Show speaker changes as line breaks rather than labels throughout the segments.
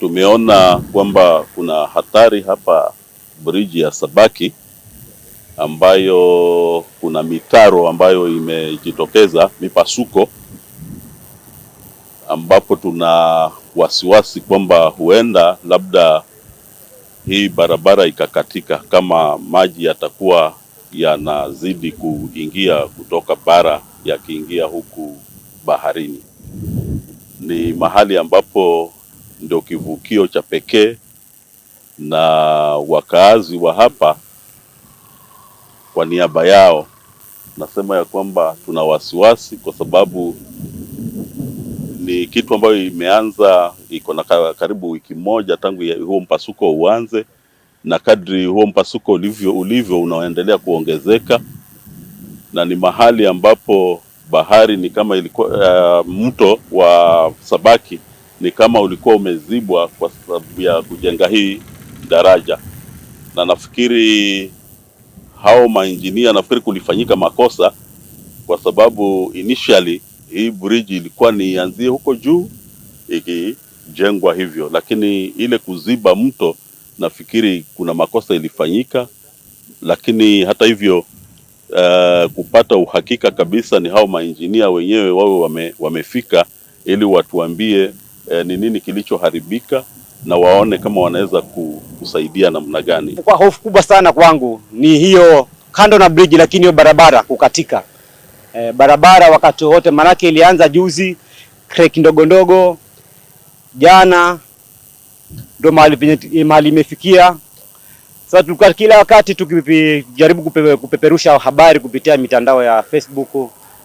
Tumeona kwamba kuna hatari hapa briji ya Sabaki ambayo kuna mitaro ambayo imejitokeza mipasuko, ambapo tuna wasiwasi kwamba huenda labda hii barabara ikakatika kama maji yatakuwa yanazidi kuingia kutoka bara yakiingia huku baharini. Ni mahali ambapo ndio kivukio cha pekee na wakaazi wa hapa, kwa niaba yao nasema ya kwamba tuna wasiwasi kwa sababu ni kitu ambayo imeanza, iko na karibu wiki moja tangu huo mpasuko uanze, na kadri huo mpasuko ulivyo ulivyo unaendelea kuongezeka, na ni mahali ambapo bahari ni kama ilikuwa uh, mto wa Sabaki ni kama ulikuwa umezibwa kwa sababu ya kujenga hii daraja, na nafikiri hao mainjinia, nafikiri kulifanyika makosa kwa sababu initially hii bridge ilikuwa nianzie huko juu ikijengwa hivyo, lakini ile kuziba mto nafikiri kuna makosa ilifanyika, lakini hata hivyo uh, kupata uhakika kabisa ni hao mainjinia wenyewe wawe wame, wamefika ili watuambie Eh, ni nini kilichoharibika na waone kama wanaweza kusaidia namna gani.
Kwa hofu kubwa sana kwangu ni hiyo kando na bridge, lakini hiyo barabara kukatika e, barabara wakati wote, maanake ilianza juzi crack ndogo ndogo, jana ndo eh, mahali imefikia sasa. Tulikuwa kila wakati tukijaribu kupeperusha habari kupitia mitandao ya Facebook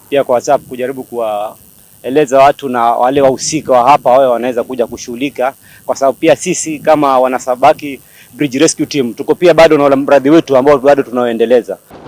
pia kwa WhatsApp kujaribu kuwa eleza watu na wale wahusika wa hapa wawe wanaweza kuja kushughulika, kwa sababu pia sisi kama wanasabaki Bridge Rescue Team tuko pia bado na mradi wetu ambao bado tunaoendeleza.